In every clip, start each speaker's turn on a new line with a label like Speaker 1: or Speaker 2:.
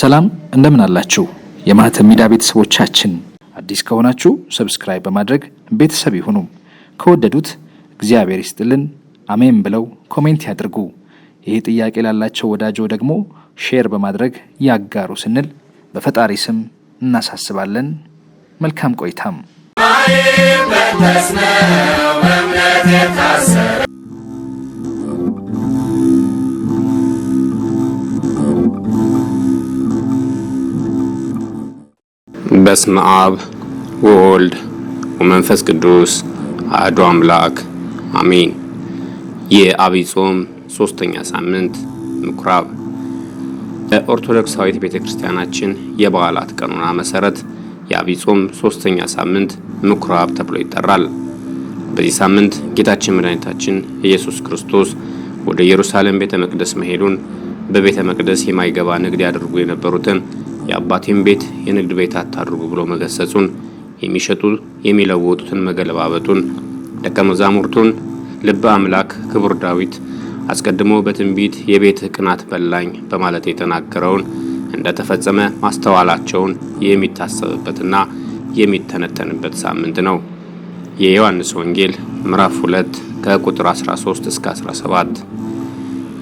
Speaker 1: ሰላም እንደምን አላችሁ? የማህተብ ሚዲያ ቤተሰቦቻችን አዲስ ከሆናችሁ ሰብስክራይብ በማድረግ ቤተሰብ ይሁኑ። ከወደዱት እግዚአብሔር ይስጥልን አሜን ብለው ኮሜንት ያድርጉ። ይህ ጥያቄ ላላቸው ወዳጆ ደግሞ ሼር በማድረግ ያጋሩ ስንል በፈጣሪ ስም እናሳስባለን። መልካም ቆይታም በስመ አብ ወወልድ ወመንፈስ ቅዱስ አሐዱ አምላክ አሜን። የዐቢይ ጾም ሶስተኛ ሳምንት ምኩራብ። በኦርቶዶክሳዊት ቤተ ክርስቲያናችን የበዓላት ቀኖና መሰረት የዐቢይ ጾም ሶስተኛ ሳምንት ምኩራብ ተብሎ ይጠራል። በዚህ ሳምንት ጌታችን መድኃኒታችን ኢየሱስ ክርስቶስ ወደ ኢየሩሳሌም ቤተ መቅደስ መሄዱን በቤተ መቅደስ የማይገባ ንግድ ያደርጉ የነበሩትን የአባቴን ቤት የንግድ ቤት አታድርጉ ብሎ መገሰጹን፣ የሚሸጡ የሚለወጡትን መገለባበጡን፣ ደቀ መዛሙርቱን ልበ አምላክ ክቡር ዳዊት አስቀድሞ በትንቢት የቤት ቅናት በላኝ በማለት የተናገረውን እንደተፈጸመ ማስተዋላቸውን የሚታሰብበትና የሚተነተንበት ሳምንት ነው። የዮሐንስ ወንጌል ምዕራፍ 2 ከቁጥር 13 እስከ 17።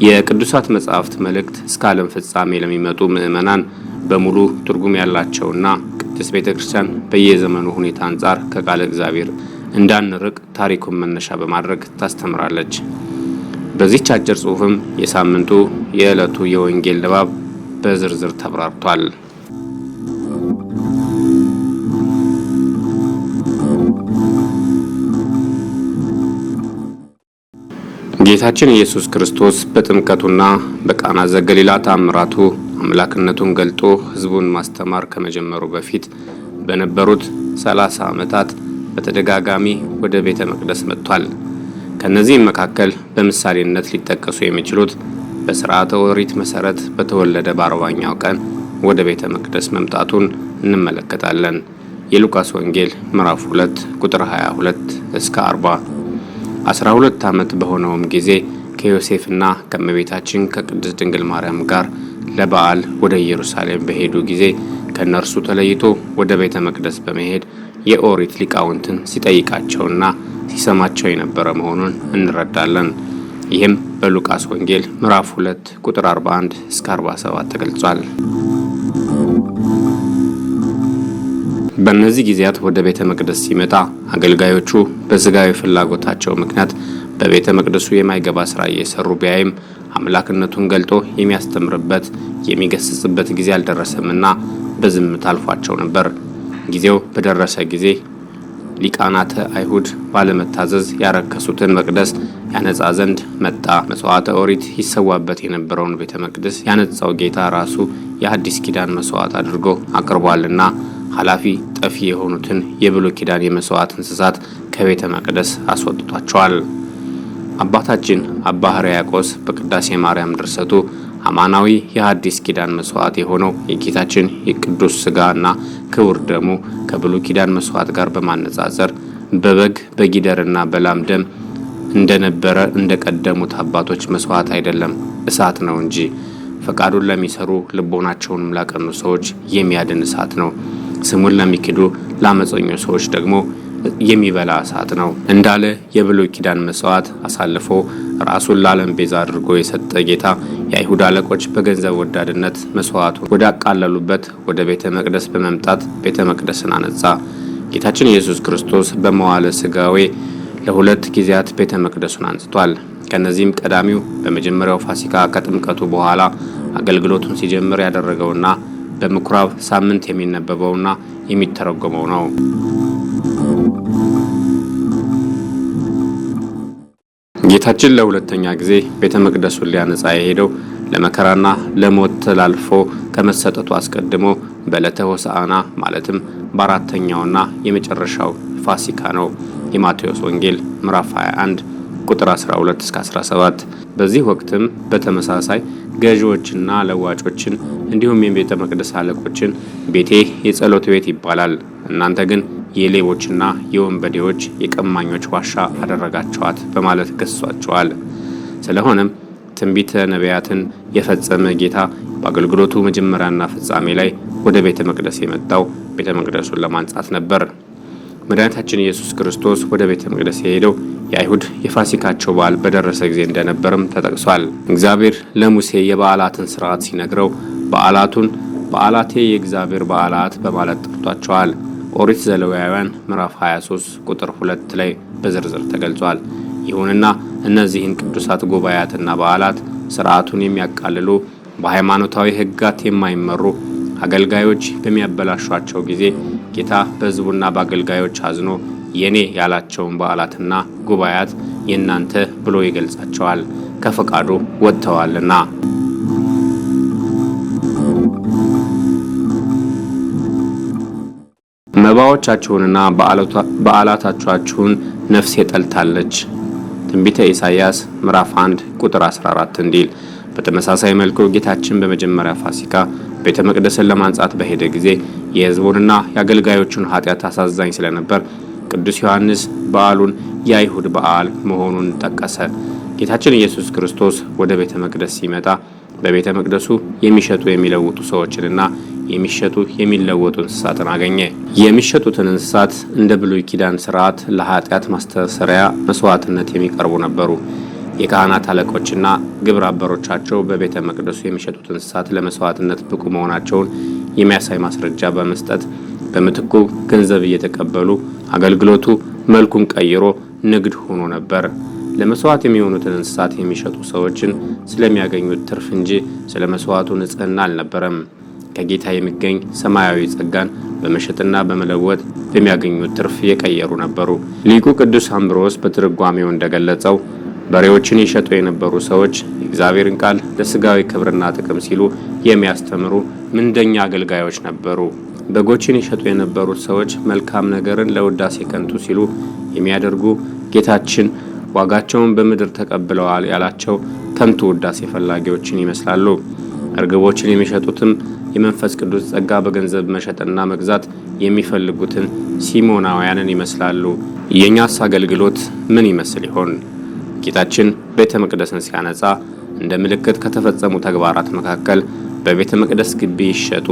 Speaker 1: የቅዱሳት መጻሕፍት መልእክት እስከ ዓለም ፍጻሜ ለሚመጡ ምዕመናን በሙሉ ትርጉም ያላቸውና ቅድስት ቤተ ክርስቲያን በየዘመኑ ሁኔታ አንጻር ከቃለ እግዚአብሔር እንዳንርቅ ታሪኩን መነሻ በማድረግ ታስተምራለች። በዚህች አጭር ጽሑፍም የሳምንቱ የዕለቱ የወንጌል ድባብ በዝርዝር ተብራርቷል። ጌታችን ኢየሱስ ክርስቶስ በጥምቀቱና በቃና ዘገሊላ ታምራቱ አምላክነቱን ገልጦ ህዝቡን ማስተማር ከመጀመሩ በፊት በነበሩት ሰላሳ ዓመታት በተደጋጋሚ ወደ ቤተ መቅደስ መጥቷል። ከነዚህም መካከል በምሳሌነት ሊጠቀሱ የሚችሉት በስርዓተ ኦሪት መሰረት በተወለደ በአርባኛው ቀን ወደ ቤተ መቅደስ መምጣቱን እንመለከታለን። የሉቃስ ወንጌል ምዕራፍ 2 ቁጥር 22 እስከ 40። 12 ዓመት በሆነውም ጊዜ ከዮሴፍና ከመቤታችን ከቅድስት ድንግል ማርያም ጋር ለበዓል ወደ ኢየሩሳሌም በሄዱ ጊዜ ከእነርሱ ተለይቶ ወደ ቤተ መቅደስ በመሄድ የኦሪት ሊቃውንትን ሲጠይቃቸውና ሲሰማቸው የነበረ መሆኑን እንረዳለን። ይህም በሉቃስ ወንጌል ምዕራፍ 2 ቁጥር 41 እስከ 47 ተገልጿል። በእነዚህ ጊዜያት ወደ ቤተ መቅደስ ሲመጣ አገልጋዮቹ በስጋዊ ፍላጎታቸው ምክንያት በቤተ መቅደሱ የማይገባ ስራ እየሰሩ ቢያይም አምላክነቱን ገልጦ የሚያስተምርበት የሚገስጽበት ጊዜ አልደረሰምና በዝምታ አልፏቸው ነበር። ጊዜው በደረሰ ጊዜ ሊቃናተ አይሁድ ባለመታዘዝ ያረከሱትን መቅደስ ያነጻ ዘንድ መጣ። መስዋዕተ ኦሪት ይሰዋበት የነበረውን ቤተ መቅደስ ያነጻው ጌታ ራሱ የአዲስ ኪዳን መስዋዕት አድርጎ አቅርቧልና ኃላፊ ጠፊ የሆኑትን የብሉይ ኪዳን የመስዋዕት እንስሳት ከቤተ መቅደስ አስወጥቷቸዋል። አባታችን አባ ሕርያቆስ በቅዳሴ ማርያም ድርሰቱ አማናዊ የሐዲስ ኪዳን መስዋዕት የሆነው የጌታችን የቅዱስ ሥጋና ክቡር ደሙ ከብሉ ኪዳን መስዋዕት ጋር በማነጻጸር በበግ በጊደርና በላም ደም እንደነበረ እንደ ቀደሙት አባቶች መስዋዕት አይደለም፣ እሳት ነው እንጂ ፈቃዱን ለሚሰሩ ልቦናቸውንም ላቀኑ ሰዎች የሚያድን እሳት ነው። ስሙን ለሚክዱ ላመፀኞ ሰዎች ደግሞ የሚበላ እሳት ነው እንዳለ የብሉይ ኪዳን መስዋዕት አሳልፎ ራሱን ለዓለም ቤዛ አድርጎ የሰጠ ጌታ የአይሁድ አለቆች በገንዘብ ወዳድነት መስዋዕቱን ወዳቃለሉበት ወደ ቤተ መቅደስ በመምጣት ቤተ መቅደስን አነጻ። ጌታችን ኢየሱስ ክርስቶስ በመዋለ ስጋዌ ለሁለት ጊዜያት ቤተ መቅደሱን አንስቷል። ከእነዚህም ቀዳሚው በመጀመሪያው ፋሲካ ከጥምቀቱ በኋላ አገልግሎቱን ሲጀምር ያደረገውና በምኩራብ ሳምንት የሚነበበውና የሚተረጎመው ነው። ጌታችን ለሁለተኛ ጊዜ ቤተ መቅደሱን ሊያነጻ የሄደው ለመከራና ለሞት ተላልፎ ከመሰጠቱ አስቀድሞ በዕለተ ሆሳዕና ማለትም በአራተኛውና የመጨረሻው ፋሲካ ነው። የማቴዎስ ወንጌል ምዕራፍ 21 ቁጥር 12 እስከ 17። በዚህ ወቅትም በተመሳሳይ ገዢዎችና ለዋጮችን እንዲሁም የቤተ መቅደስ አለቆችን ቤቴ የጸሎት ቤት ይባላል እናንተ ግን የሌቦችና የወንበዴዎች የቀማኞች ዋሻ አደረጋቸዋት በማለት ገሷቸዋል። ስለሆነም ትንቢተ ነቢያትን የፈጸመ ጌታ በአገልግሎቱ መጀመሪያና ፍጻሜ ላይ ወደ ቤተ መቅደስ የመጣው ቤተ መቅደሱን ለማንጻት ነበር። መድኃኒታችን ኢየሱስ ክርስቶስ ወደ ቤተ መቅደስ የሄደው የአይሁድ የፋሲካቸው በዓል በደረሰ ጊዜ እንደነበርም ተጠቅሷል። እግዚአብሔር ለሙሴ የበዓላትን ስርዓት ሲነግረው በዓላቱን በዓላቴ የእግዚአብሔር በዓላት በማለት ጠርቷቸዋል። ኦሪት ዘሌዋውያን ምዕራፍ 23 ቁጥር 2 ላይ በዝርዝር ተገልጿል። ይሁንና እነዚህን ቅዱሳት ጉባኤያትና በዓላት ስርዓቱን የሚያቃልሉ በሃይማኖታዊ ሕጋት የማይመሩ አገልጋዮች በሚያበላሿቸው ጊዜ ጌታ በሕዝቡና በአገልጋዮች አዝኖ የኔ ያላቸውን በዓላትና ጉባኤያት የእናንተ ብሎ ይገልጻቸዋል፣ ከፈቃዱ ወጥተዋልና። መባዎቻችሁንና በዓላቶቻችሁን ነፍሴ ጠልታለች። ትንቢተ ኢሳይያስ ምዕራፍ 1 ቁጥር 14 እንዲል። በተመሳሳይ መልኩ ጌታችን በመጀመሪያ ፋሲካ ቤተ መቅደስን ለማንጻት በሄደ ጊዜ የሕዝቡንና የአገልጋዮቹን ኃጢአት አሳዛኝ ስለነበር ቅዱስ ዮሐንስ በዓሉን የአይሁድ በዓል መሆኑን ጠቀሰ። ጌታችን ኢየሱስ ክርስቶስ ወደ ቤተ መቅደስ ሲመጣ በቤተ መቅደሱ የሚሸጡ የሚለውጡ ሰዎችንና የሚሸጡ የሚለወጡ እንስሳትን አገኘ። የሚሸጡትን እንስሳት እንደ ብሉይ ኪዳን ስርዓት ለኃጢአት ማስተሰሪያ መስዋዕትነት የሚቀርቡ ነበሩ። የካህናት አለቆችና ግብር አበሮቻቸው በቤተ መቅደሱ የሚሸጡት እንስሳት ለመስዋዕትነት ብቁ መሆናቸውን የሚያሳይ ማስረጃ በመስጠት በምትኩ ገንዘብ እየተቀበሉ አገልግሎቱ መልኩን ቀይሮ ንግድ ሆኖ ነበር። ለመስዋዕት የሚሆኑትን እንስሳት የሚሸጡ ሰዎችን ስለሚያገኙት ትርፍ እንጂ ስለ መስዋዕቱ ንጽህና አልነበረም። ከጌታ የሚገኝ ሰማያዊ ጸጋን በመሸጥና በመለወጥ በሚያገኙት ትርፍ የቀየሩ ነበሩ። ሊቁ ቅዱስ አምብሮስ በትርጓሜው እንደገለጸው በሬዎችን ይሸጡ የነበሩ ሰዎች የእግዚአብሔርን ቃል ለስጋዊ ክብርና ጥቅም ሲሉ የሚያስተምሩ ምንደኛ አገልጋዮች ነበሩ። በጎችን ይሸጡ የነበሩት ሰዎች መልካም ነገርን ለውዳሴ ከንቱ ሲሉ የሚያደርጉ ጌታችን ዋጋቸውን በምድር ተቀብለዋል ያላቸው ከንቱ ውዳሴ ፈላጊዎችን ይመስላሉ። እርግቦችን የሚሸጡትም የመንፈስ ቅዱስ ጸጋ በገንዘብ መሸጥና መግዛት የሚፈልጉትን ሲሞናውያንን ይመስላሉ። የእኛስ አገልግሎት ምን ይመስል ይሆን? ጌታችን ቤተ መቅደስን ሲያነጻ እንደ ምልክት ከተፈጸሙ ተግባራት መካከል በቤተ መቅደስ ግቢ ይሸጡ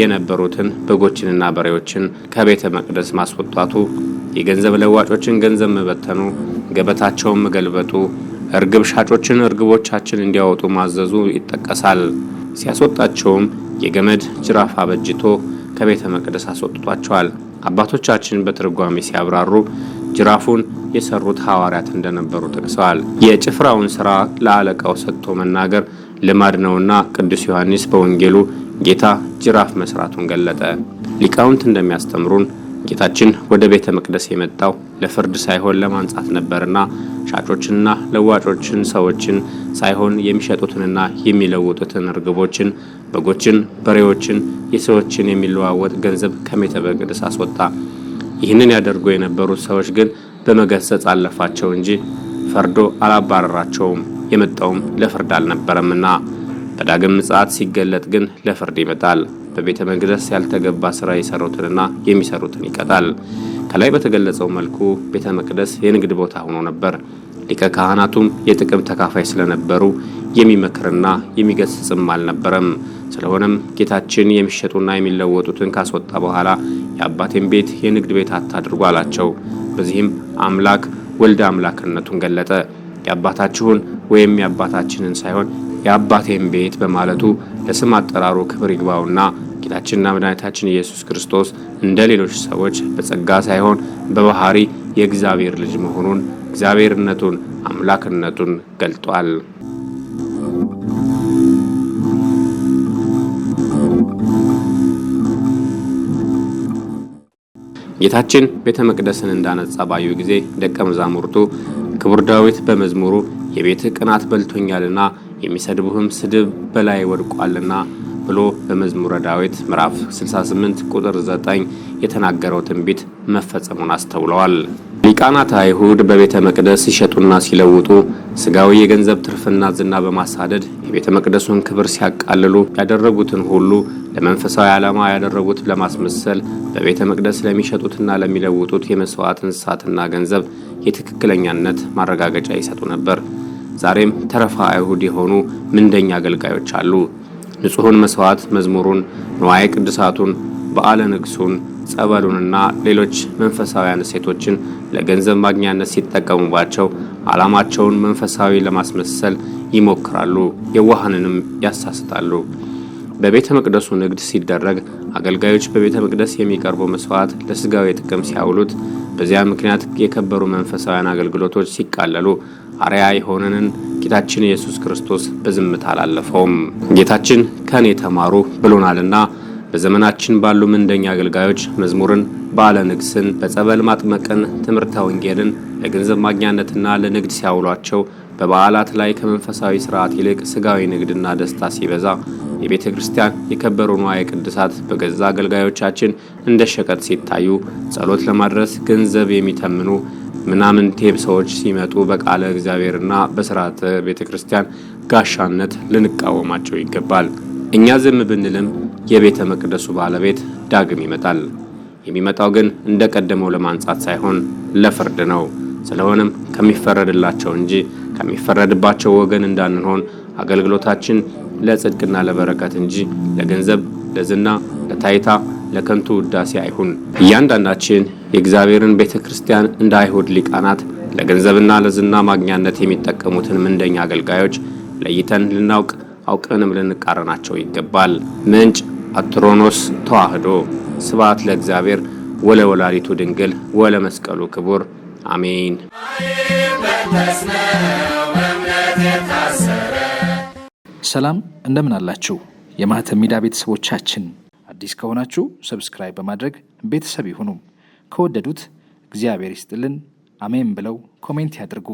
Speaker 1: የነበሩትን በጎችንና በሬዎችን ከቤተ መቅደስ ማስወጣቱ የገንዘብ ለዋጮችን ገንዘብ መበተኑ፣ ገበታቸውን መገልበጡ፣ እርግብ ሻጮችን እርግቦቻችን እንዲያወጡ ማዘዙ ይጠቀሳል። ሲያስወጣቸውም የገመድ ጅራፍ አበጅቶ ከቤተ መቅደስ አስወጥቷቸዋል። አባቶቻችን በትርጓሜ ሲያብራሩ ጅራፉን የሰሩት ሐዋርያት እንደነበሩ ጠቅሰዋል። የጭፍራውን ሥራ ለአለቃው ሰጥቶ መናገር ልማድ ነውና ቅዱስ ዮሐንስ በወንጌሉ ጌታ ጅራፍ መስራቱን ገለጠ። ሊቃውንት እንደሚያስተምሩን ጌታችን ወደ ቤተ መቅደስ የመጣው ለፍርድ ሳይሆን ለማንጻት ነበርና ሻጮችንና ለዋጮችን ሰዎችን ሳይሆን የሚሸጡትንና የሚለውጡትን እርግቦችን፣ በጎችን፣ በሬዎችን፣ የሰዎችን የሚለዋወጥ ገንዘብ ከቤተ መቅደስ አስወጣ። ይህንን ያደርጉ የነበሩት ሰዎች ግን በመገሰጽ አለፋቸው እንጂ ፈርዶ አላባረራቸውም። የመጣውም ለፍርድ አልነበረምና በዳግም ምጽአት ሲገለጥ ግን ለፍርድ ይመጣል። በቤተ መቅደስ ያልተገባ ስራ የሰሩትንና የሚሰሩትን ይቀጣል። ከላይ በተገለጸው መልኩ ቤተ መቅደስ የንግድ ቦታ ሆኖ ነበር። ሊቀ ካህናቱም የጥቅም ተካፋይ ስለነበሩ የሚመክርና የሚገስጽም አልነበረም። ስለሆነም ጌታችን የሚሸጡና የሚለወጡትን ካስወጣ በኋላ የአባቴን ቤት የንግድ ቤት አታድርጉ አላቸው። በዚህም አምላክ ወልደ አምላክነቱን ገለጠ። የአባታችሁን ወይም የአባታችንን ሳይሆን የአባቴን ቤት በማለቱ ለስም አጠራሩ ክብር ይግባውና ጌታችንና መድኃኒታችን ኢየሱስ ክርስቶስ እንደ ሌሎች ሰዎች በጸጋ ሳይሆን በባህሪ የእግዚአብሔር ልጅ መሆኑን እግዚአብሔርነቱን አምላክነቱን ገልጧል። ጌታችን ቤተ መቅደስን እንዳነጻ ባዩ ጊዜ ደቀ መዛሙርቱ ክቡር ዳዊት በመዝሙሩ የቤትህ ቅናት በልቶኛልና የሚሰድቡህም ስድብ በላይ ወድቋልና ብሎ በመዝሙረ ዳዊት ምዕራፍ 68 ቁጥር 9 የተናገረው ትንቢት መፈጸሙን አስተውለዋል። ሊቃናት አይሁድ በቤተ መቅደስ ሲሸጡና ሲለውጡ ስጋዊ የገንዘብ ትርፍና ዝና በማሳደድ የቤተ መቅደሱን ክብር ሲያቃልሉ ያደረጉትን ሁሉ ለመንፈሳዊ ዓላማ ያደረጉት ለማስመሰል በቤተ መቅደስ ለሚሸጡትና ለሚለውጡት የመስዋዕት እንስሳትና ገንዘብ የትክክለኛነት ማረጋገጫ ይሰጡ ነበር። ዛሬም ተረፋ አይሁድ የሆኑ ምንደኛ አገልጋዮች አሉ። ንጹሑን መስዋዕት መዝሙሩን፣ ንዋየ ቅድሳቱን፣ በዓለ ንግሱን፣ ጸበሉንና ሌሎች መንፈሳውያን እሴቶችን ለገንዘብ ማግኛነት ሲጠቀሙባቸው ዓላማቸውን መንፈሳዊ ለማስመሰል ይሞክራሉ፣ የዋህንንም ያሳስታሉ። በቤተ መቅደሱ ንግድ ሲደረግ አገልጋዮች በቤተ መቅደስ የሚቀርቡ መስዋዕት ለስጋዊ ጥቅም ሲያውሉት፣ በዚያ ምክንያት የከበሩ መንፈሳውያን አገልግሎቶች ሲቃለሉ አርያ የሆነንን ጌታችን ኢየሱስ ክርስቶስ በዝምታ አላለፈውም። ጌታችን ከኔ ተማሩ ብሎናልና በዘመናችን ባሉ ምንደኛ አገልጋዮች መዝሙርን፣ በዓለ ንግስን፣ በጸበል ማጥመቅን፣ ትምህርተ ወንጌልን ለገንዘብ ማግኛነትና ለንግድ ሲያውሏቸው በበዓላት ላይ ከመንፈሳዊ ስርዓት ይልቅ ስጋዊ ንግድና ደስታ ሲበዛ የቤተ ክርስቲያን የከበሩ ንዋየ ቅድሳት በገዛ አገልጋዮቻችን እንደ ሸቀጥ ሲታዩ፣ ጸሎት ለማድረስ ገንዘብ የሚተምኑ ምናምን ቴብ ሰዎች ሲመጡ በቃለ እግዚአብሔርና በስርዓተ ቤተ ክርስቲያን ጋሻነት ልንቃወማቸው ይገባል። እኛ ዝም ብንልም የቤተ መቅደሱ ባለቤት ዳግም ይመጣል። የሚመጣው ግን እንደ ቀደመው ለማንጻት ሳይሆን ለፍርድ ነው። ስለሆነም ከሚፈረድላቸው እንጂ ከሚፈረድባቸው ወገን እንዳንሆን አገልግሎታችን ለጽድቅና ለበረከት እንጂ ለገንዘብ፣ ለዝና፣ ለታይታ፣ ለከንቱ ውዳሴ አይሁን። እያንዳንዳችን የእግዚአብሔርን ቤተ ክርስቲያን እንደ አይሁድ ሊቃናት ለገንዘብና ለዝና ማግኛነት የሚጠቀሙትን ምንደኛ አገልጋዮች ለይተን ልናውቅ አውቀንም ልንቃረናቸው ይገባል። ምንጭ አትሮኖስ ተዋህዶ ስባት ለእግዚአብሔር ወለ ወላዲቱ ድንግል ወለ መስቀሉ ክቡር አሜን። ሰላም እንደምን አላችሁ? የማህተብ ሚዲያ ቤተሰቦቻችን አዲስ ከሆናችሁ ሰብስክራይብ በማድረግ ቤተሰብ ይሁኑ። ከወደዱት እግዚአብሔር ይስጥልን አሜን ብለው ኮሜንት ያድርጉ።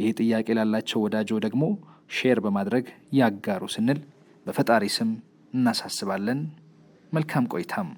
Speaker 1: ይህ ጥያቄ ላላቸው ወዳጆ ደግሞ ሼር በማድረግ ያጋሩ ስንል በፈጣሪ ስም እናሳስባለን። መልካም ቆይታም